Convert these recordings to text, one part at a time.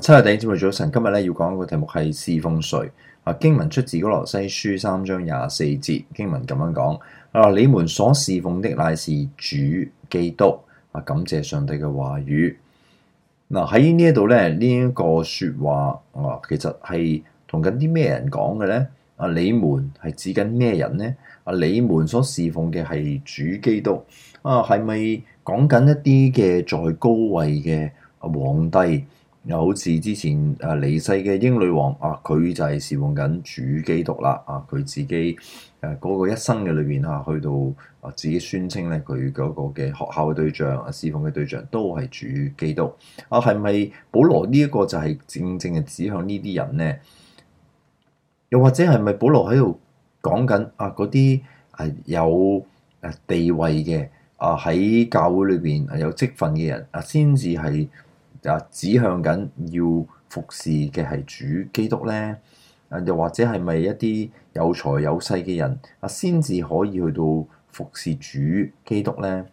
七日頂朝早晨，今日咧要講一個題目係侍奉誰？啊，經文出自《歌羅西書》三章廿四節，經文咁樣講：啊，你們所侍奉的乃是主基督。啊，感謝上帝嘅話語。嗱喺呢一度咧，呢、這、一個說話啊，其實係同緊啲咩人講嘅咧？啊，你們係指緊咩人呢？啊，你們所侍奉嘅係主基督。啊，係咪講緊一啲嘅在高位嘅皇帝？又好似之前啊，離世嘅英女王啊，佢就係侍奉緊主基督啦。啊，佢自己誒嗰個一生嘅裏面，啊，去到啊自己宣稱咧，佢嗰個嘅學校嘅對象啊，侍奉嘅對象都係主基督。啊，係咪保羅呢一個就係正正係指向呢啲人咧？又或者係咪保羅喺度講緊啊嗰啲有地位嘅啊喺教會裏面有職分嘅人啊，先至係？指向緊要服侍嘅係主基督呢，又或者係咪一啲有財有勢嘅人啊，先至可以去到服侍主基督呢？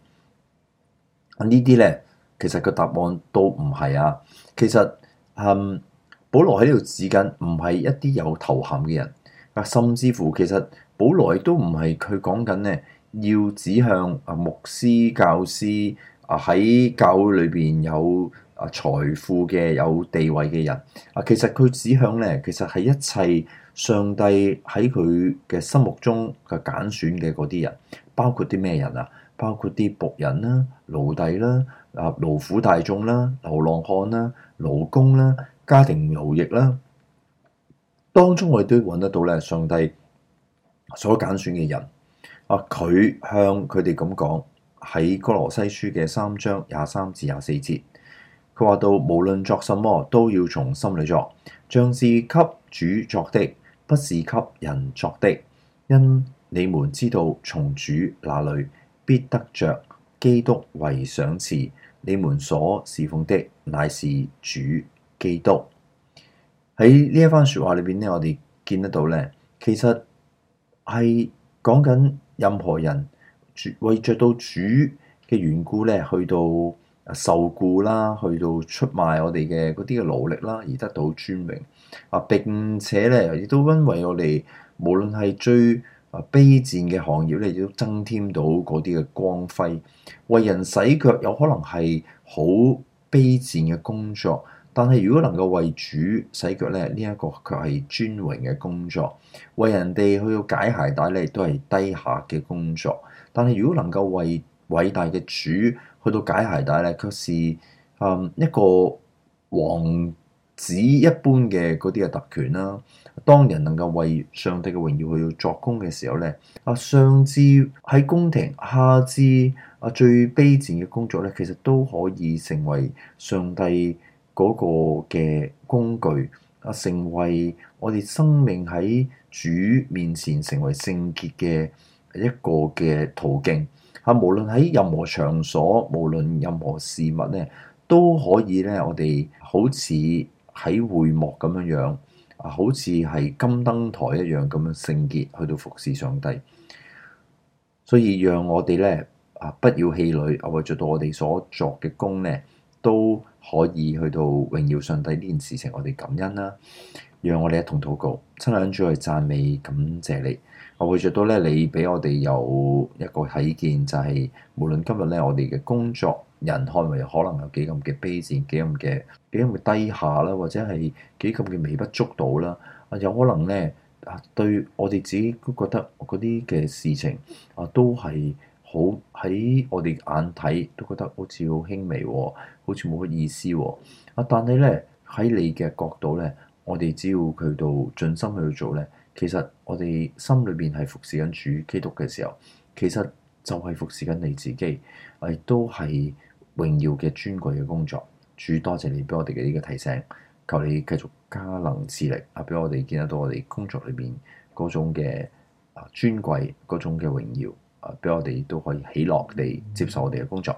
呢啲呢，其實個答案都唔係啊。其實嗯，保羅喺呢度指緊唔係一啲有頭銜嘅人啊，甚至乎其實保羅都唔係佢講緊呢，要指向啊牧師、教師啊喺教會裏邊有。啊！財富嘅有地位嘅人啊，其實佢指向咧，其實係一切上帝喺佢嘅心目中嘅揀選嘅嗰啲人，包括啲咩人啊？包括啲僕人啦、啊、奴隸啦、啊、啊勞苦大眾啦、啊、流浪漢啦、啊、勞工啦、家庭奴役啦、啊，當中我哋都揾得到咧，上帝所揀選嘅人啊，佢向佢哋咁講喺哥羅西書嘅三章廿三至廿四節。話到無論作什麼，都要從心裏作，像是給主作的，不是給人作的。因你們知道，從主那裏必得着基督為賞賜。你們所侍奉的乃是主基督。喺呢一番說話裏邊呢，我哋見得到呢，其實係講緊任何人為着到主嘅緣故呢去到。受雇啦，去到出賣我哋嘅嗰啲嘅努力啦，而得到尊榮啊！並且咧，亦都因為我哋無論係最卑賤嘅行業咧，亦都增添到嗰啲嘅光輝。為人洗腳有可能係好卑賤嘅工作，但係如果能夠為主洗腳咧，呢、這、一個卻係尊榮嘅工作。為人哋去到解鞋帶咧，都係低下嘅工作，但係如果能夠為偉大嘅主，去到解鞋帶咧，卻是誒一個王子一般嘅嗰啲嘅特權啦。當人能夠為上帝嘅榮耀去作工嘅時候咧，啊，上至喺宮廷，下至啊最卑慘嘅工作咧，其實都可以成為上帝嗰個嘅工具，啊，成為我哋生命喺主面前成為聖潔嘅一個嘅途徑。啊，無論喺任何場所，無論任何事物咧，都可以咧，我哋好似喺會幕咁樣樣，啊，好似係金燈台一樣咁聖潔，去到服侍上帝。所以讓我哋咧啊，不要氣餒，我哋做到我哋所作嘅工咧，都。可以去到榮耀上帝呢件事情，我哋感恩啦，讓我哋一同禱告，親近主去讚美感謝你。我會注到咧，你俾我哋有一個體見，就係、是、無論今日咧，我哋嘅工作人看為可能有幾咁嘅卑賤，幾咁嘅幾咁嘅低下啦，或者係幾咁嘅微不足道啦，啊有可能咧啊對我哋自己都覺得嗰啲嘅事情啊都係。好喺我哋眼睇都覺得好似好輕微喎，哦，好似冇乜意思喎。啊，但係呢，喺你嘅角度呢，我哋只要去到盡心去做呢，其實我哋心裏邊係服侍緊主基督嘅時候，其實就係服侍緊你自己，亦都係榮耀嘅尊貴嘅工作。主多謝你俾我哋嘅呢個提醒，求你繼續加能賜力啊，俾我哋見得到我哋工作裏邊嗰種嘅尊貴，嗰種嘅榮耀。啊！俾我哋都可以喜樂地接受我哋嘅工作，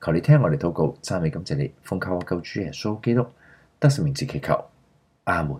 求你聽我哋禱告，讚美感謝你，奉靠我救主耶穌基督，得勝名字祈求，阿門。